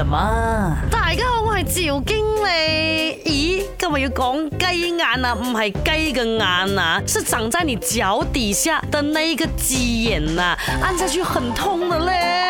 什麼大家好，我係趙經理。咦，今日要講雞眼啊，唔係雞嘅眼啊，係長在你腳底下的那個雞眼啊，按下去很痛嘅咧。